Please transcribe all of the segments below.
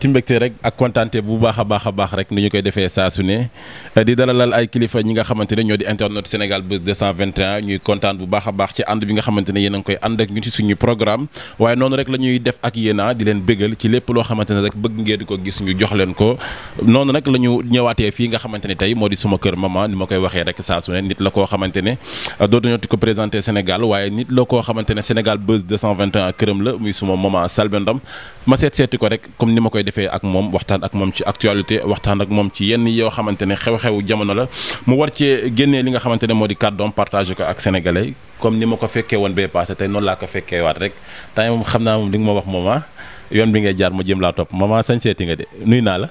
ci mbégte rek ak kontaante bu baax a baax a baax rek ni ñu koy defee saa su ne eh, di dalalal ay kilifa ñi nga xamante ne ñoo di internet Sénégal Buzz 221 ñuy kontaan bu baax a baax ci ànd bi nga xamante ne yéen a ngi koy ànd ak ñu ci suñu programme waaye noonu rek a di leen bégal ci lépp loo ne rek bëgg ngeen di ko gis ñu jox leen ko noonu nag la ñu ñëwaatee fii nga xamante ne tey moo di suma kër maman ni ma koy waxee rek saa su ne la koo xamante ne eh, dootuñu ko présenté Sénégal waaye nit la koo xamante ne Sénégal Buzz 221 këram la muy suma maman Selbé Ndom ma seet seeti ko rek comme ni ma koy defee ak moom waxtaan ak moom ci actualité waxtaan ak moom ci yenn yoo xamante ne xew-xewu jamono la mu war cee génnee li nga xamante ne moo di kàddoom partagé ko ak sénégalais comme ni ma ko fekkee woon bee passé tey noonu laa ko fekkee waat rek temps moom xam naa moom li nga ma wax moom ah yoon bi ngay jaar ma jëm laa topp maman sañ seeti nga de nuyu naa la.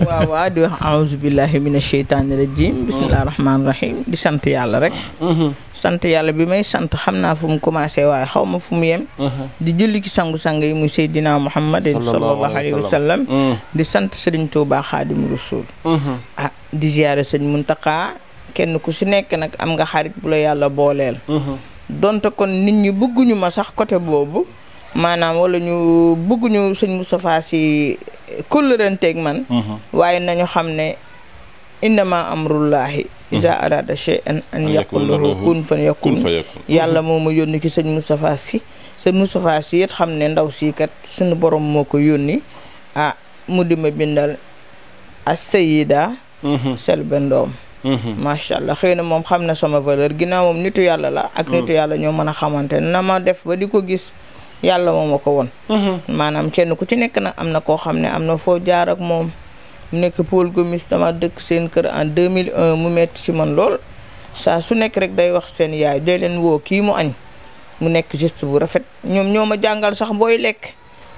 waaw a di wax a mina sheytaani rajim a rahmaani rahim di sant yàlla rek mm-hmm. sant yàlla bi may sant xam naa fu mu commencé waaye xaw ma fu mu yem mm-hmm. di julli ci sangu-sang yi muy seydina mouhammadin sallallahu alayhi wa sallam mm. di sant sëriñ Tuubaa xaadim rasul mm-hmm. ah di ziyaare sëñ Muntaqa kenn ku si nekk nag am nga xarit bu la yàlla booleel donte kon nit ñi bëgguñu ma sax côté boobu maanaam wala ñu bëgguñu sëñ Moustapha si kullurenteeg man mhm. waaye nañu xam ne innama amrullahi isa mhm. arada shay'an an yaquluhu kun fa yakun mhm. yàlla moo ma yónni ci sëñ Moustapha Sy sëñ Moustapha Sy it xam ne ndaw sii kat suñu borom moo ko yónni ah mu di ma bindal as sayida Selbé Ndom macha allah xëy na moom xam na sama valeur ginaaw moom nit yàlla la ak nitu yàlla ñoo mën a xamante na ma def ba di ko gis yàlla moo ma ko won mhm. maanaam kenn ku ci nekk nag am na koo xam ne am na foo jaar moom mu nekk Paul Gomis dama dëkk seen kër en 2001 mu metti ci man lool saa su nekk rek day wax seen yaay day leen woo kii mu añ mu nekk geste bu rafet ñoom ñoo ma jàngal sax booy lekk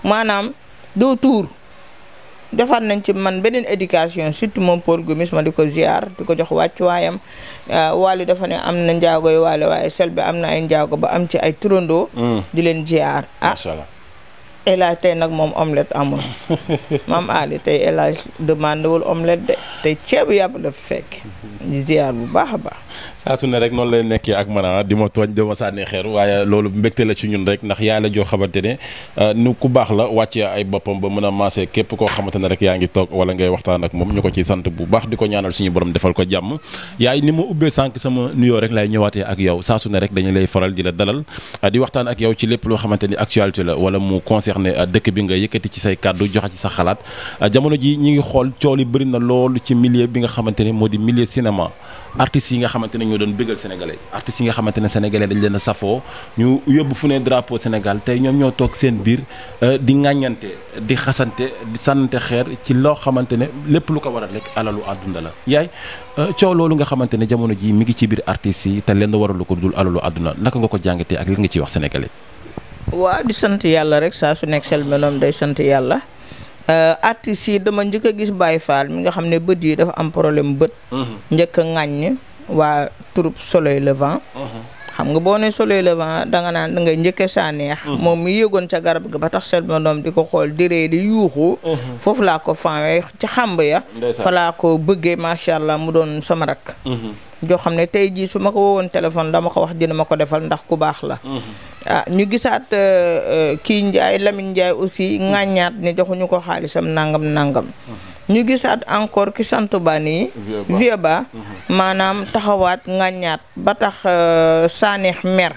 maanaam doo tuur defaat nañ ci man beneen éducation surtout moom Paul Gomis ma di ko ziar di ko jox waayam euh, Wally dafa ne am na njaago yu waale waaye Selbé am na ay njaago ba am ci ay turandoo. Mm. di leen ziar ah macha allah Elaj tey nag moom omelette amul maam Ali tey Elaj demandé wul omelette de tey ceebu yàpp la fekk. di mm-hmm. ziar bu baax a baax. saa ne rek noonu lay nekkee ak man ah, di ma tooñ di ma sànni xeer waaye loolu mbégte la ci ñun rek ndax yaa la joo xamante ne ah, nu ku baax la wàccee ay boppam ba mën a maase képp koo xamante ne rek yaa ngi toog wala ngay waxtaan ak moom ñu ko ciy sant bu baax di ko ñaanal suñu borom defal ko jàmm yaay ni mu ubbee sànq sama nuyoo rek lay ñëwaatee ak yow saa su ne rek dañu lay faral di la dalal ah, di waxtaan ak yow ci lépp loo xamante ni actualité la wala mu concerné dëkk bi nga yëkkati ci say kàddu joxe ci sa xalaat jamono ji ñi ngi xool coow li bëri na loolu ci milieu bi nga xamante ne moo di milieu cinéma artistes yi nga xamante ne ñoo doon bëggal sénégalais artistes yi nga xamante ne sénégalais dañ leen a safoo ñu yóbbu fu ne drapeau Sénégal tey ñoom ñoo toog seen biir euh, di ŋàññante di xasante di sànnante xeer ci loo xamante ne lépp lu ko waral rek alalu àdduna la yaay euh, coow loolu nga xamante ne jamono jii mi ngi ci biir artistes yi te leen waralu ko dul alalu àdduna naka nga ko jàngatee ak li nga ciy wax sénégalais. waaw di sant yàlla rek saa su nekk sel Euh, artistes yi dama njëkk a gis Baye Fall mi nga xam ne bët yi dafa am problème bët. Mhm. njëkk a ŋàññ waa troupe Soleil Levant. Mhm. xam nga boo ne soleil levant danga naan dangay njëkke saa neex mm-hmm. moom mi yëgoon ca garab gi ba tax sel ma doom di ko xool diree di yuuxu mm-hmm. foofu laa ko fanwe ci xàmb ya fa laa ko bëggee macha allah mu doon sama rak mm-hmm. joo xam ne tey jii su ma ko woowoon téléphone dama ko wax dina ma ko defal ndax ku baax la ah ñu gisaat euh, euh, kii Njaay Lamine Njaay aussi ŋàññaat ne joxuñu ko xaalisam nangam nangam ñu gisaat encore ki sant ba nii vieux ba mm-hmm. maanaam taxawaat ŋàññaat ba tax euh, saaneex mer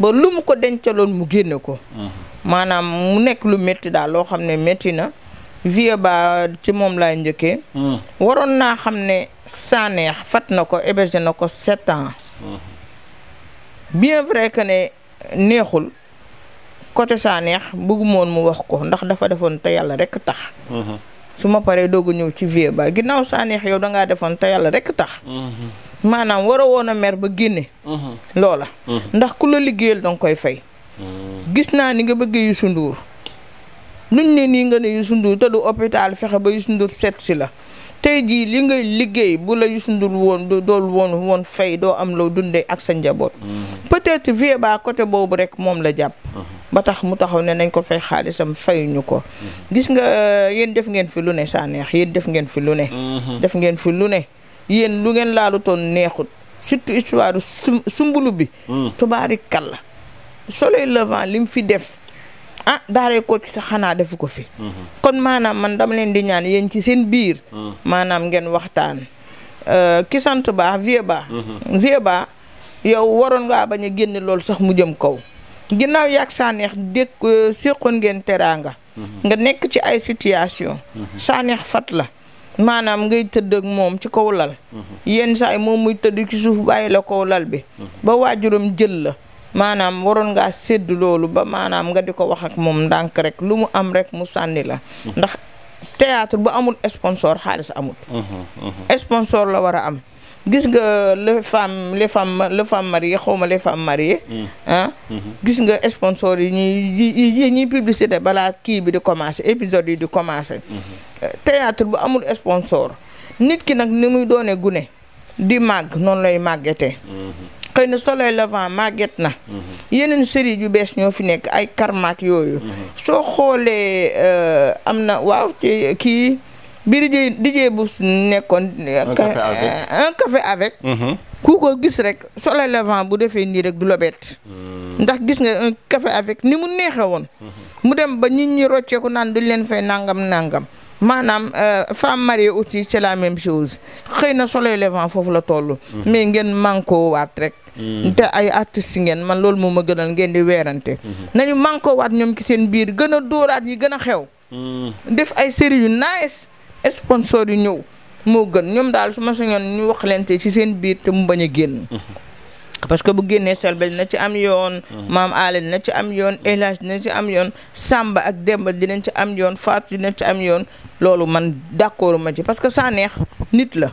ba lu mu ko dencaloon mu génne ko mm-hmm. maanaam mu nekk lu métti daal loo xam ne métti na vieux ba ci moom laay njëkkee mm-hmm. waroon naa xam ne saaneex fat na ko hébergé na ko sept ans bien vrai que ne neexul côté saaneex bëggumoon mu wax ko ndax dafa defoon te yàlla rekk tax su ma paree doog a ñëw ci vie ba ginnaaw saa neex yow dangaa defoon te yàlla rek tax. Mm-hmm. maanaam war woon a mer ba génne. Mm-hmm. loola. Mm-hmm. ndax ku la liggéeyal danga koy fay. gis naa ni nga bëggee Youssou Ndour luñ ne nii nga ne Youssou Ndour te du hôpital fexe ba Youssou Ndour seet si la. tey jii li ngay liggéey bu la Youssou Ndour woon dool woon woon doo am loo dundee ak sa njaboot. Mm-hmm. peut-être vie ba côté boobu rek moom la jàpp. Mm-hmm. ba tax mu taxaw ne nañ ko fay xaalisam fayuñu ko. Mm-hmm. gis nga euh, yéen def ngeen fi lu ne saa neex yéen def ngeen fi lu ne. def ngeen fi lu ne yéen lu ngeen laalu laalutoon neexut surtout histoire sumbulu bi. Mm. tubaari kàlla soleil levant li mu fi def. ah daaray koot ki sax xanaa defu ko fi kon maanaam man dama leen di ñaan yéen ci seen biir maanaam ngeen waxtaan euh, ki sant baa vie ba vie ba yow waroon nga bañ a génn loolu sax mu jëm kaw ginnaaw yàgg saaneex dégg euh, séqoon ngeen teraanga nga nekk ci ay situation saaneex fat la maanaam ngay tëdd moom ci kaw lal mhm. yenn saay moom muy tëdd ci suuf bàyyi la kaw lal bi ba waajuram jël la maanaam waroon ngaa sédd loolu ba maanaam nga di ko wax ak moom ndànk rek lu mu am rek mu sànni la ndax théâtre bu amul sponsor xaalis amul sponsor la war a am gis nga les femmes les xaw ma les femmes mariées mm. ah. mm-hmm. gis nga sponsor yi ñuy yi ñuy publicité balaa kii bi di commencé épisode yi di commencé mm-hmm. euh, théâtre bu amul sponsor nit ki nag ni muy doone gune di màgg noonu lay màggetee mm-hmm. xëy na soleil levant màgget na mhm. yeneen série yu bees ñoo fi nekk ay karmaak yooyu mhm. soo xoolee euh, am na waaw ci kii bi dijee dijee bu nekkoon un café avec euh, mhm. ku ko gis rek soleil levant bu defee nii rek du lobet mm. ndax gis nga un café avec ni mu neexe woon mu dem ba nit ñi rocceeku naan duñ leen fay nangam nangam maanaam euh, femme mariée aussi c'est la même chose xëy na soleil levant foofu la toll. Mhm. mais ngeen mànkoo waat rek. Mhm. te ay artistes yi ngeen man loolu moom ma gënal ngeen di weerante. Mhm. nañu mànkoo waat ñoom ci seen biir gën a dóoraat yi gën a xew. def ay série yu nice sponsor yu ñëw moo gën ñoom daal su ma sañoon ñu wax leen te ci seen biir te mu bañ a génn. parce que bu génnee selbel na ci am yoon mm-hmm. maam aale dina ci am yoon elage dina ci am yoon samba ak demba dinañ ci am yoon faatu dina ci am yoon loolu man d'accord ma ci parce que Sanekh nit la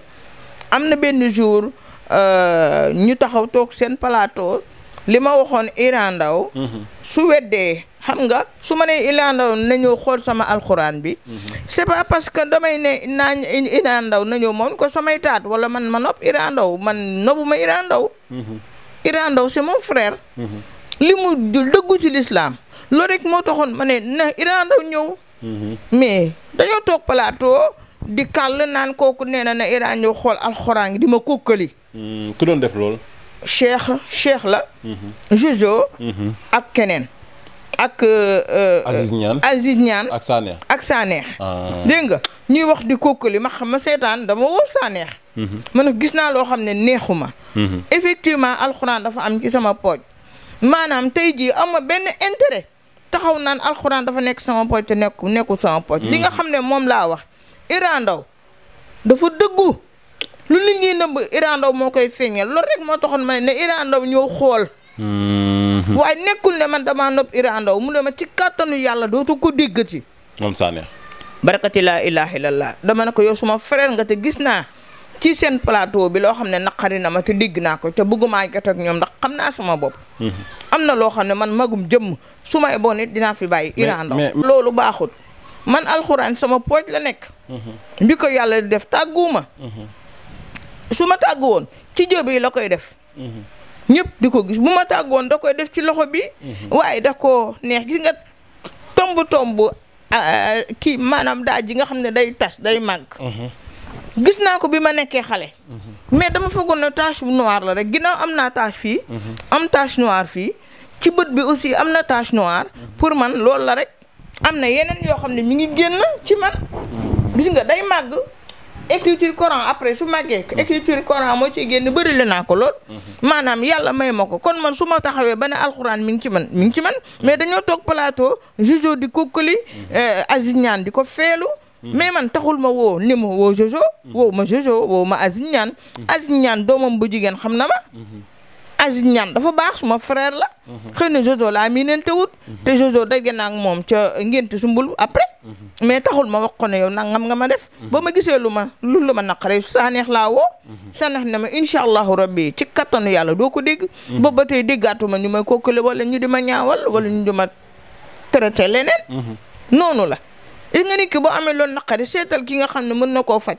am na benn jour euh, ñu taxaw toog seen plateau li ma waxoon Iran Ndao mm-hmm. su weddee xam nga su ma nee Iran Ndao nañoo xool sama alxuraan bi mm-hmm. c'est pas parce que damay ne naañ Iran Ndao nañoo moom ko samay taat wala man ma nopp Iran Ndao man nobuma Iran Ndao Iran Ndao c'est mon frère. li mu dëggu ci lislaam loolu rek moo taxoon ma ne na Iran ñëw. mais dañoo toog plateau di kàll naan kooku nee na na ñëw xool alxuraan di ma kokkali. ku doon def loolu. cheikh cheikh la. Jojo. Mhm. ak keneen. ak. Euh, euh, Aziz Niane ak Sanex ak Sanex. Ah. dégg nga ñuy wax di kokkali ma xam ma seetaan dama woo Sanex. Mhm. ma ne gis naa loo xam ne neexu ma mhm. effectivement alxuraan dafa am ci sama pooj maanaam tey jii am ma benn intérêt taxaw naan alxuraan dafa nekk sama pooj te nekku nekku sama pooj. li nga mhm. xam ne moom laa wax. Iran dafa dëggu lu nit ñi nëbb Iran Ndao moo koy feeñal loolu rek moo taxoon ma ne ne Iran ñoo xool. Mm-hmm. waaye nekkul ne man damaa nopp Iran mu ne ma ci kàttanu yàlla dootu ko déggati. moom Sanex. barakati laa ilaaha illallah dama ne ko yow suma frère nga te gis naa ci seen plateau bi loo xam ne naqari na ma te dégg naa ko te bëggumaa jot ak ñoom ndax xam naa sama bopp. Mm-hmm. am na loo xam ne man magum jëm su ma eboo nit dinaa fi bàyyi. Iran Ndao loolu baaxut. man alxuraan sama pooj la nekk. Mm-hmm. bi ko yàlla def tàgguuma. su ma tàggu woon ci jóob yi la koy def. ñëpp di ko gis bu ma tàggoon da koy def ci loxo bi. Mhm. waaye da ko neex gis nga tomb tomb kii maanaam daaj ji nga xam ne day tas day màgg. Mhm. gis naa ko bi ma nekkee xale. Mhm. mais dama foogoon ne tache bu noir la rek ginnaaw am naa tache fii. am tache noire fii ci bët bi aussi am na tache noire pour man loolu la rek am na yeneen yoo xam ne mi ngi génn ci man. gis nga day màgg. écriture coran après su màggee écriture coran moo ciy génn bëri la naa ko lool maanaam yàlla may ma ko kon man su ma taxawee ba ne alxuraan mi ngi ci man mi ngi ci man mais dañoo toog plateau Jojo di kokkali euh, Aziz Niane di ko feelu mais man taxul ma woo ni ma woo Jojo ma Jojo woo ma Aziz Niane Aziz Niane doomam bu jigéen xam na ma Aziz dafa baax suma frère la xëy na Jojo laa miinante wut te Jojo dagge naa ak moom ca ngénte sumbul après mais taxul ma wax ko na yow nga ma def ba ma gisee lu ma lu lu ma naqare sa laa woo sa neex ne ma incha allahu rabbi ci kattanu yàlla doo ko dégg ba ba tey déggaatuma ñu may kokkale wala ñu di ma ñaawal wala ñu di ma traité leneen noonu la gis nga nit boo amee loolu naqari seetal ki nga xam ne mën na koo faj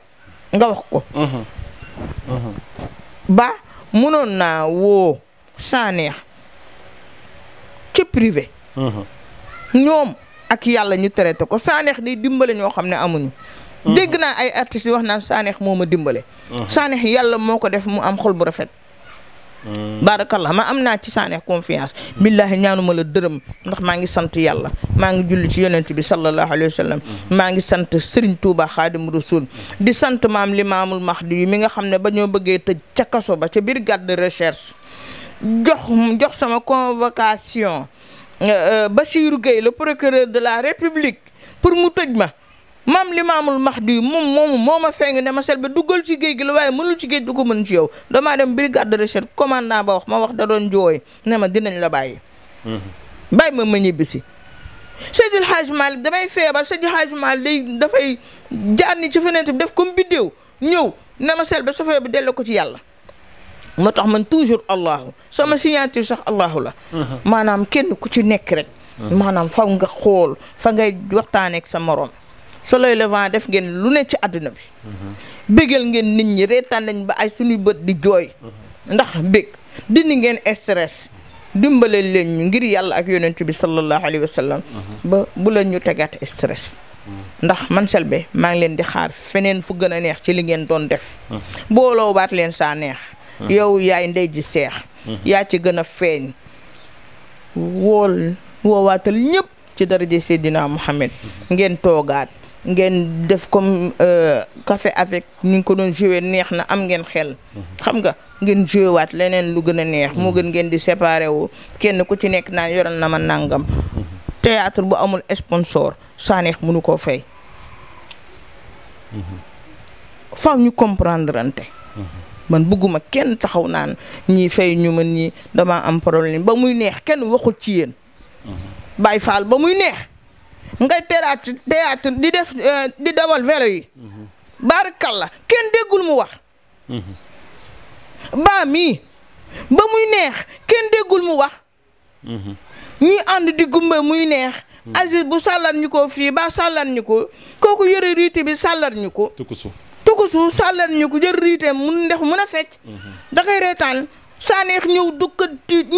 nga wax ko ba mënoon naa woo saa ci privé ñoom ak yàlla ñu traité ko saaneex di dimbale ñoo xam ne amuñu. Mhm. dégg naa ay artistes yi wax naan Sanekh moo ma dimbale. Mhm. saaneex yàlla moo ko def mu am xol bu rafet. Mhm. barakallah ma am naa ci Sanekh confiance. billaahi ma la dërëm ndax maa ngi sant yàlla maa ngi julli ci yonent bi sallallahu alayhi wa maa ngi sant Serigne Touba Xaadimu Rasuul di sant maam li max Mahdi mi nga xam ne ba ñoo bëggee tëj ca kaso ba ca brigade de recherche jox jox sama convocation. Euh, euh, Bassirou Gueye le procureur de la république pour mu tëj ma maam li max di moom moom moo ma feng ne ma sel ba duggal ci géej gi la waaye mënul ci géej du ko mën ci yow damaa dem brigade de recherche commandant ba wax ma wax da doon jooy ne ma dinañ la bàyyi. Mhm. bàyyi ma ma ñibbisi. Seydil Hadj Malick damay feebar Seydil Hadj Malick day dafay jaar ci fenêtre bi def comme biddéew ñëw ne ma sel ba sa feebar bi delloo ko ci yàlla. moo tax man toujours allahu sama signature sax allahu la uh-huh. maanaam kenn ku ci nekk rek uh-huh. maanaam fa nga xool fa ngay waxtaaneek sa moroom soleil levant def ngeen lu ne ci àdduna bi uh-huh. bégal ngeen nit ñi reetaan nañ ba ay suñuy bët di jooy ndax bég dindi ngeen stress dimbale leen ñu ngir yàlla ak yonent bi sallallahu alayhi wa sallam ba bu leen ñu tegaat stress ndax man Selbé maa ngi leen di xaar feneen fu gën a neex ci li ngeen doon def booloo baat leen saa neex yow yaay ndey ji seex hmm. yaa ci gën a feeñ wool woowaatal ñëpp ci daraja Seydina Mohamed hmm. ngeen toogaat ngeen def comme euh, café avec ni nga ko doon joué neex na am ngeen xel hmm. xam nga ngeen joué waat leneen lu gën a neex moo gën ngeen di séparé wu kenn ku ci nekk naan yoral na ma nàngam théâtre bu amul sponsor Sanekh mënu koo fay faw ñu comprendre ante man bëgguma kenn taxaw naan ñii fay ñu mën ñi damaa am problème ba muy neex kenn waxul ci yéen mm-hmm. bay Fall ba muy neex ngay théâtre théâtre di def euh, di dawal vélo yi mm-hmm. barakalla kenn déggul mu wax mm-hmm. baa mii ba muy neex kenn déggul mu wax ñuy ànd di gumba muy neex azir bu sàllan ñu ko fii ba sàllan ñu ko kooku yére riiti bi sàllan ñu ko tukusu sàllan ñu ko jël riiteem mun def mun a fecc da koy reetaan saa neex ñëw dukka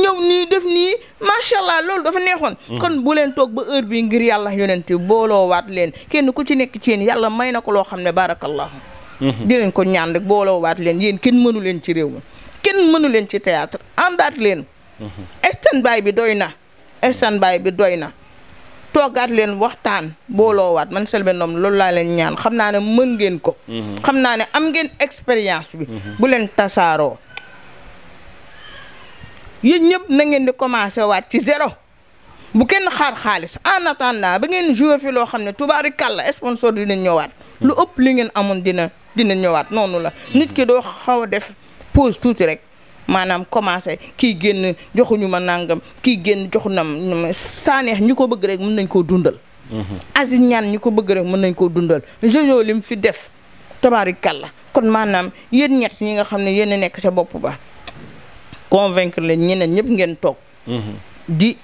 ñëw nii def nii macha allah loolu dafa neexoon mm. kon bu leen toog ba heure bii ngir yàlla yonent bi booloo waat leen kenn ku ci nekk ci yéen yàlla may na ko loo xam ne barakallahu mm-hmm. di leen ko ñaan rek booloo waat leen yéen kenn mënu leen ci réew mi kenn mënu leen ci théâtre àndaat leen mm-hmm. stand bi doy na stand bi doy na toogaat leen waxtaan booloowaat man Selbé noom loolu laa leen ñaan xam naa ne mën ngeen ko. Mhm. xam naa ne am ngeen expérience bi. Mhm. bu leen tasaaroo. yéen ñëpp na ngeen di commencé waat ci zéro bu kenn xaar xaalis en attendant ba ngeen joué fi loo xam ne tubaari kàlla sponsor dina ñëwaat. lu ëpp li ngeen amoon dina dina ñëwaat noonu la. nit ki doo xaw a def pose tuuti rek. maanaam commencé kii génn joxuñu ma nangam kii génn joxu na ma saaneex ñu ko bëgg rek mën nañ koo dundal. Mhm. asi ñaan ñu ko bëgg rek mën nañ koo dundal jojo lim fi def tabaari kàlla kon maanaam yéen ñett ñi nga xam ne yéen nekk ca bopp ba convaincre leen ñeneen ñëpp ngeen toog mhm. di.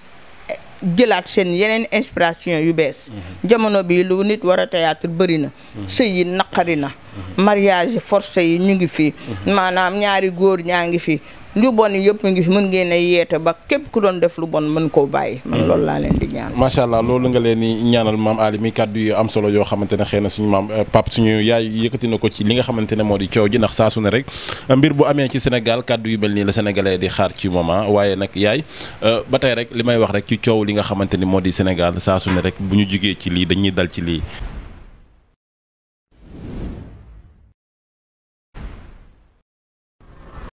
jëlaat seen yeneen inspiration yu bees jamono bi lu nit war a théâtre bëri na sëy yi naqari na mhm. mariage forcé yi ñu ngi fi mhm. maanaam ñaari góor ñaa ngi fi lu bon yëpp ngi mën ngeen a yeete ba képp ku doon def lu bon mën koo bàyyi. man hmm. loolu laa leen di macha allah loolu nga leen di ñaanal maam Ali mi kàddu yu am solo yoo xamante ne xëy na suñu maam eh, pap suñu yaay yëkkati na ko ci li nga xamante ne moo di coow ji ndax saa su rek eh, mbir bu amee ci Sénégal kàddu yu mel nii la sénégalais di xaar ci moment ah. waaye nag yaay eh, ba tey rek li may wax rek ci coow li nga xamante ni moo di Sénégal saa su rek bu ñu jugee ci lii dañuy dal ci lii.